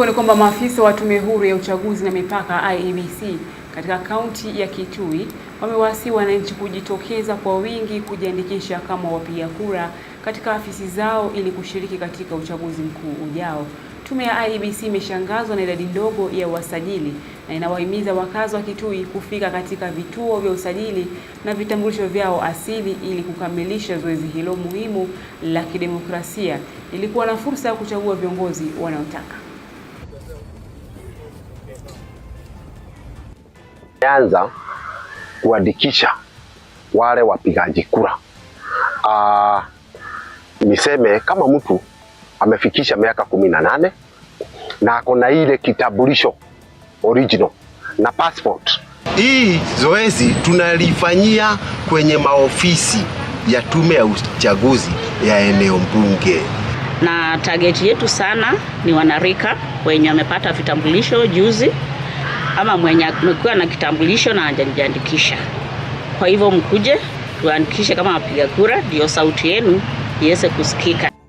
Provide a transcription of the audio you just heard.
Kwingineko ni kwamba maafisa wa Tume Huru ya Uchaguzi na Mipaka IEBC katika kaunti ya Kitui wamewasihi wananchi kujitokeza kwa wingi kujiandikisha kama wapiga kura katika afisi zao ili kushiriki katika uchaguzi mkuu ujao. Tume ya IEBC imeshangazwa na idadi ndogo ya wasajili na inawahimiza wakazi wa Kitui kufika katika vituo vya usajili na vitambulisho vyao asili ili kukamilisha zoezi hilo muhimu la kidemokrasia ili kuwa na fursa ya kuchagua viongozi wanaotaka. anza kuandikisha wale wapigaji kura. Uh, niseme kama mtu amefikisha miaka kumi na nane na ako na ile kitambulisho original na passport. Hii zoezi tunalifanyia kwenye maofisi ya tume ya uchaguzi ya eneo bunge, na target yetu sana ni wanarika wenye wamepata vitambulisho juzi ama mwenye amekuwa na kitambulisho na hajajiandikisha. Kwa hivyo mkuje tuandikishe kama wapiga kura, ndio sauti yenu iweze kusikika.